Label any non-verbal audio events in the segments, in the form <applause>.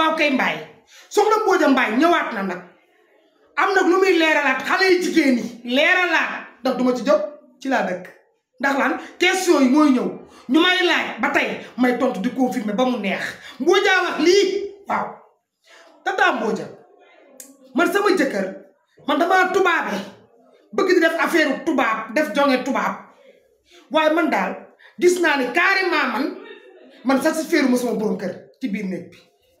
waaw kay mbaay soxna Mbodia Mbaye ñëwaat na nag am nag lu muy leeralaat xale yu jigéen ñi leeralaat ndax duma ci jot ci laa dëkk ndax lan question yi mooy ñëw ñu may laaj ba tey may tontu di confirmer ba mu neex Mbodia wax lii waaw tata Mbodia man sama jëkkër man damaa tubaabe bëgg di def affaire tubaab def jonge tubaab waaye man daal gis naa ni carrément man man satisfaire ma sama borom ci biir néeg bi <laughs>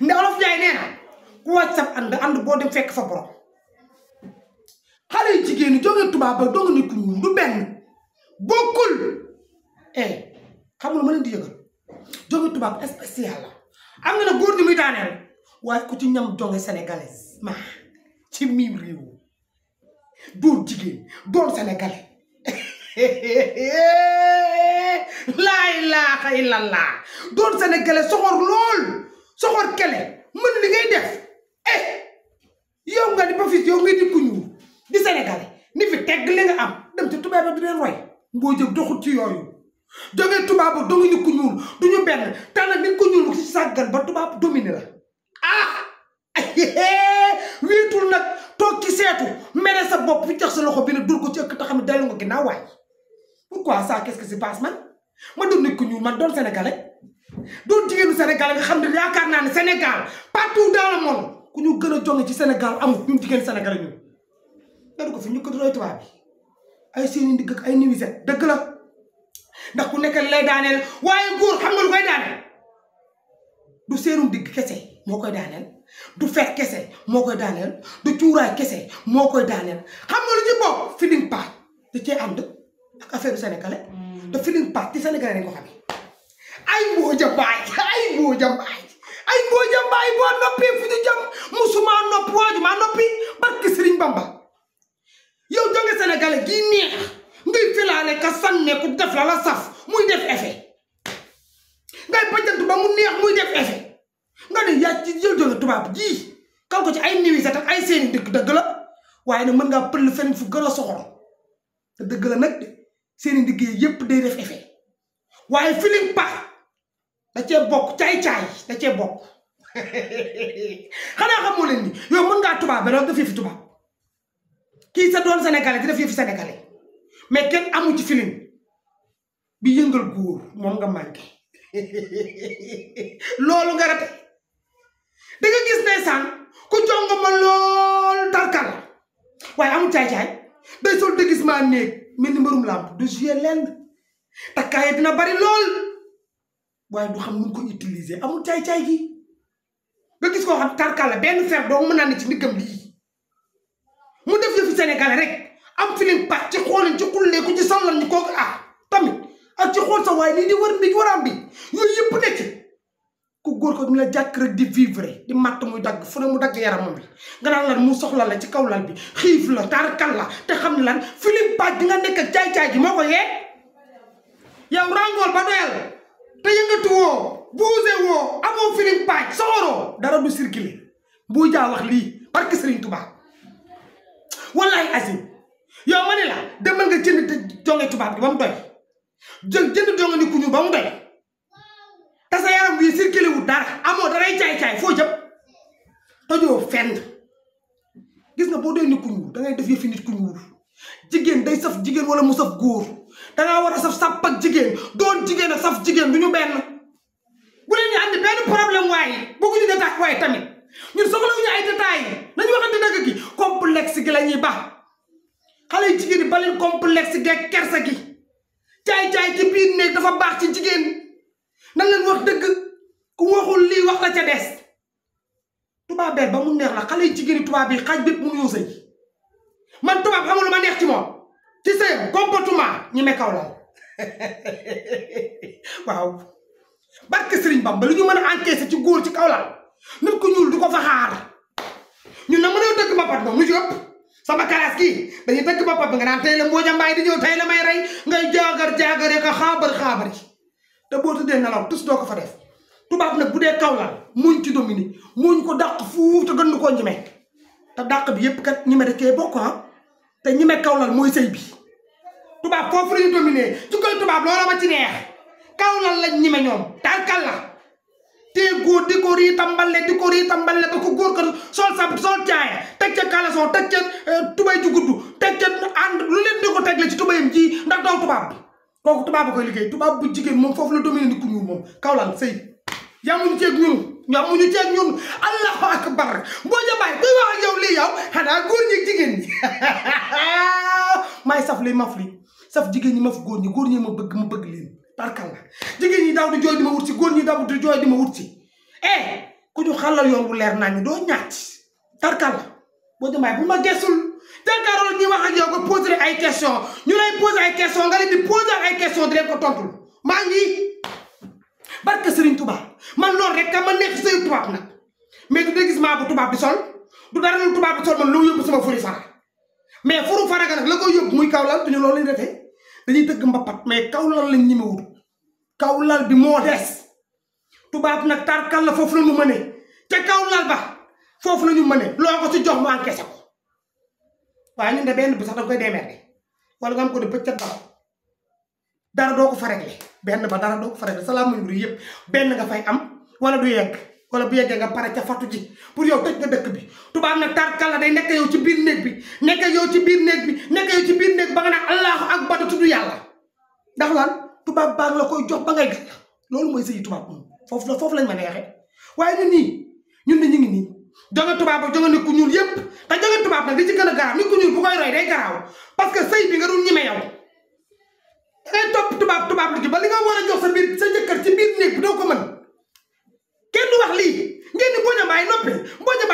nde olof Njaay nee ku wàccab ànd ànd boo dem fekk fa borom xale yu jigéen ñi jóge tubaab ba dong ku ñuul du benn bokkul eh xam nga ma leen di yëgal jóge tubaab spécial la am nga ne góor ni muy daaneel waaye ku ci ñam jonge sénégalais ma ci miim réew dóor jigéen doon sénégalais <laughs> laa ilaaha illallah doon sénégalais soxor lool soxor kele mën li ngay def eh yow nga ni ba fii yow nga di ku ni fi tegg li nga am dem ci tubaab bi leen roy ngoo jëg doxut ci yooyu jógee tubaab ba domine ku ñuul du ñu benn tànn ni ba tubaab domine la ah <laughs> wiitul nag toog ci seetu mere sa bopp fi jox sa loxo bi ne dur ko ci ëkk te xam ne dalu nga ginnaaw waay pourquoi ça qu'est-ce qui se passe man ma doon nit ku man doon sénégalais doon jigéenu sénégalais nga xam ne yaakaar naa ne Sénégal partout dans le monde ku ñu gën a jonge ci Sénégal amul ñun jigéen sénégalais ñun. nga ko fi ñu ko doy tubaab bi ay seeni ndigg ku nekk lay daaneel waaye góor xam nga lu koy kese moo koy daaneel. du kese moo koy daaneel du cuuraay kese moo koy daaneel xam nga lu ci bokk feeling part da cee ànd ak te Feeling Path ci Sénégal lañ ko xamee ay Mbodia Mbaye ay Mbodia Mbaye ay Mbodia Mbaye boo noppee fu ñu jëm musuma nopp waaju maa noppi barke Serigne Bamba yow jonge sénégalais gii neex ngay filaale ka sànne ku def la saf muy def effet ngay bajantu ba mu tubaab jii kal ko ci ay niwi sa tax ay seeni dëgg dëgg la waaye nag mën ngaa pël fenn fu gën a soxor seeni liggéey yépp day def effet waaye Feeling Pax da cee bokk caay-caay da cee bokk <laughs> xanaa xamoo leen ni yow mën ngaa tubaab rek def yëfi tubaab kii sa doon sénégalais di def yëfi sénégalais mais kenn amu ci Feeling bi yëngal góor moom nga manqué <laughs> loolu nga rate da nga gis ndeysaan ku jongo lool darkal waaye amul caay-caay day sol déguisement néeg mel ni mbërum làmp du jouer lenn takkaay dina bari lool waaye du xam nu ko utiliser amul cay cay gi nga gis koo xam tarkalla benn fer doo mën naa ne ci ndiggam lii mu def yëfu Sénégal rek am filim pax ci xoolin ci moom la jàkk rek di vivre di matt muy dagg fu ne mu dagg yaramam bi nga naan lan mu soxla la ci kaw lal bi xiif la tarkal la te xam ne lan Philippe Bac di nga nekk ak moo ko yee yow rangool ba doyal te yëngatu woo bouse woo amoo Philippe Bac soxoroo jënd jonge tubaab bi ba mu doy jënd jonge ni ku ñu ba mu doy te yaram bii circulé dara caay-caay foo jëm tojoo fenn gis nga boo dee nit ku ñuul da def yëfi nit ku ñuul jigéen day saf jigéen wala mu saf góor dangaa war a saf sàpp jigéen doon jigéen ak saf jigéen du ñu benn bu leen ñu andi benn problème waaye bëgguñu détail waaye tamit ñun soxlawuñu ay détails nañu waxante dëgg gi complexe gi la ñuy baax xale yu jigéen yi ba leen complexe geeg gi caay-caay ci biir néeg dafa baax ci jigéen na leen wax dëgg ku waxul lii wax la ca des tubaab beeg ba mu neex la xale yi jigéen tubaab yi xaaj bépp mënuñoo sëy man tubaab xamul ma neex ci moom ci sëyam comportement ñi mekaw laal <laughs> waaw barke Sëriñ ba lu ñu mën a encaissé ci góor ci kaw laal nit ku ñuul du ko fa xaar ñun na mënoo dëkk mbapat moom lu ci ëpp sama kalaas kii dañuy dëkk mbapat bi nga naan tey la mbooja mbaay di ñëw tey la may rey ngay jaagar jaagaree ko xaabar xaabar yi te boo tëddee nelaw tus doo ko fa tubaab nag bu dee kaw la muñ ci domine muñ ko dàq fuuf te gën koo ñeme te dàq bi yëpp kat ñeme de cee bokk ah te ñeme kaw la mooy sëy bi tubaab foofu la ñu dominer tubaab loola ma ci kaw la lañ ñeme ñoom tànkal la te góor di ko rii tambale di ko rii tambale ba ko góor kat sol sab sol caaya teg ca kalason teg ca eh, tubay ju gudd teg ca ànd lu leen di ko tegle ci tubayam ji ndax doon tubaab kooku tubaab ba koy liggéey tubaab bu jigéen moom foofu la dominer ni ku ñuul moom kaw la sëy yamuñu ceeg ñun yamuñu ceeg ñun allahu akbar boo jamaay kuy wax ak yow lii yow xanaa góor ñi jigéen ñi <laughs> maay saf li maf li saf jigéen ñi maf góor ñi góor ñi ma bëgg ma bëgg leen barkal la jigéen ñi daw di jooy di ma wut góor ñi daaw di jooy di ma wut si eh, ku ñu xalal yoon bu leer nañu doo ñaat tarkal la boo jamaay bu ma gesul jàkkaarloo ñuy wax ak yow ko poser ay question ñu lay poser ay question nga leen di poser di leen ko tontul maa ngi barke Serigne Touba man loolu rek ka man nekk sëyu tubaab nag mais du déguisement bu tubaab bi sol du dara lu tubaab bi sol man loolu yóbbu sama furi fara mais furu fara ga nag la koy yóbbu muy kawlal duñu loolu lañ defee dañuy tëgg mbappat mais kawlal lañ ñemewut kawlal bi moo des tubaab nag tarkal la foofu la ñu mënee te kawlal ba foofu la ñu mënee loo ko ci jox an encaissé ko waaye ñun de benn bi sax da koy demee wala nga ko de bëccëg ba dara doo ko fa réglé benn ba dara doo ko fa réglé salaamu yubri yëpp benn nga fay am wala du yegg wala bu yeggee nga pare ca fattu ji pour yow tëj nga dëkk bi tubaab nag tarkalla day nekk yow ci biir néeg bi nekk yow ci biir néeg bi nekk yow ci biir néeg ba nga naan allahu akbar tudd yàlla dax lan tubaab baa la koy jox ba ngay gàll loolu mooy sëyi tubaab moom foofu la foofu lañ ma neexee waaye ñun nii ñun de ñu ngi nii jonge tubaab ak jonge nit ku ñuul yëpp te jonge tubaab nag di ci a garaaw nit ku parce que sëy bi nga dul ñime yow ay topp tubaab tubaab liggéey ba li nga war a jox sa biir sa jëkkër ci biir néeg bi doo ko mën kenn du wax lii ngeen ni Boña Mbaye noppi Boña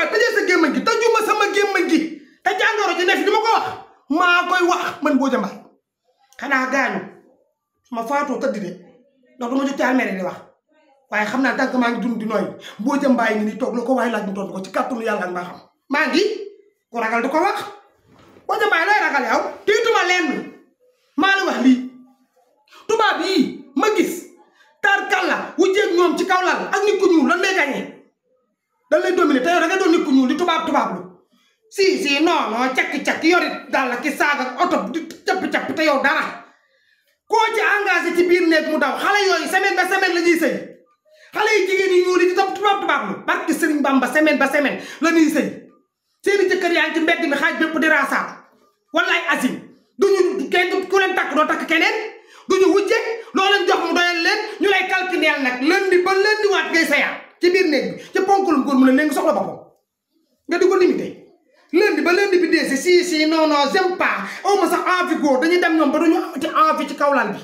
gi tëjuma sama gémmañ gi te jàngoro ji nekk ma ko wax maa koy wax xanaa gaañu ma faatoo tëdd de ndax du ma jot ci almere wax waaye xam naa tànk maa ngi dund di nooy Boña ni toog la ko waaye laaj mu tontu ko ci kàttanu yàlla ak mbaaxam maa ngi ku ragal du ko wax Boña Mbaye lay ragal yow tiituma lenn ki yori dàll ki saaga oto di capp-capp te yow dara koo ci engagé ci biir néeg mu daw xale yooyu semaine ba semaine la ñuy sëy xale yi jigéen yi ñuul yi di topp tubaab tubaab lu barki Sëriñ Bamba semaine ba semaine la ñuy sëy seeni jëkkër yaa ngi ci mbedd mi xaaj bépp di raasaat wala ay asim duñu kenn ku leen takk doo takk keneen duñu wujje loo leen jox mu doyal leen ñu lay calculer nag lundi ba lundi waat ngay sayaat ci biir néeg bi ci ponkalum góor mu ne léegi soxla boppam nga di ko limité lundi ba lundi bi dee si si non non j'aime a aw ma sax envie góor dañuy dem ñoom ba dañu amati envie ci kawlal bi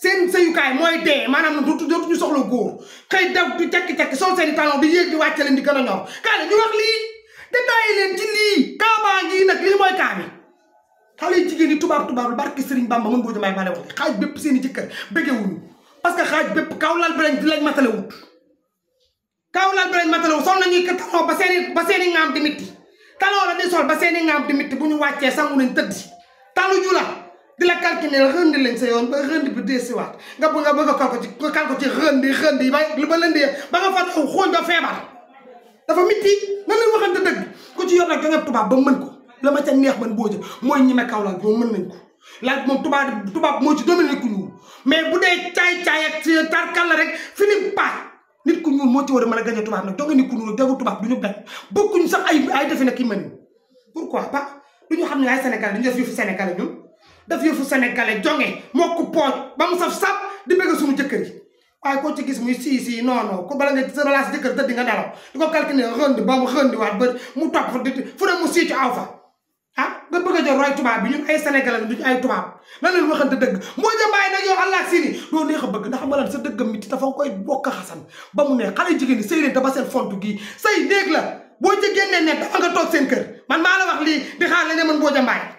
seen sëyukaay mooy dee maanaam dootu dootuñu soxla góor xëy daw di tekki-tekki sol seen i talon di yéeg di wàcce leen di gën a ñor kaale ñu wax lii détaillé leen ci lii kaabaa ngii nag lii mooy kaa bi xale yi jigéen yi tubaab tubaab la barke Sëriñ Bamba mën boo jëmaay bale wax xaaj bépp seen i jëkkër bëggewuñu parce que xaaj bépp kawlal bi lañ lañ matalewut kawlal bi lañ matalewut sol nañuy talon ba seen i ba seen i di mitti taloo la di sol ba seeni ngaam di mitti bu ñu wàccee sangu nañ tëdd talu ñu la di la calculer rënd lañ sa yoon ba rënd bi deesiwaat nga bëgg nga bëgg a kal ko ci kal ko ci rënd yi rënd yi ba lu ba lëndee ba nga fa taw xooñ ba feebar dafa mitti nan lañ waxante dëgg ku ci yor nag jonge tubaab ba mën ko la ma ca neex man boo jë mooy ñi me kaw la moom mën nañ ko laaj moom tubaab tubaab moo ci dominé ku ñu mais bu dee caay-caay ak tarkal la rek Philippe Paye nit ku ñuul moo ci war a mën a gañe tubaab nag doog a ku ñuul doog tubaab du ñu gañ bokkuñ sax ay ay defe na kii ma nii pourquoi pas du ñu xam ne ay sénégalais dañu def yëfu sénégalais ñun def jonge moo ko pooj ba mu saf saf di bëgg suñu jëkkër yi waaye koo ci gis muy sii sii non non ko bala jëkkër tëdd nga nelaw di ko calculer rënd ba mu rëndiwaat ba mu topp fu ne mu sii ci fa nga bëgg a jël roy tubaab bi ñun ay sénégalais duñu ay tubaab lan leen waxante dëgg moo ja bàyyi nag a allah si ni neex a bëgg ndax xam nga lan sa dëggam mi dafa koy bokk a xasan ba ne xale jigéen ñi sëy leen dafa seen fontu gii say néeg la boo ca génnee ne dafa toog seen kër man maa la wax lii di xaar la ne man boo mbaay